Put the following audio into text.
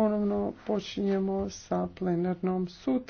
ponovno počinjemo sa plenarnom sutra.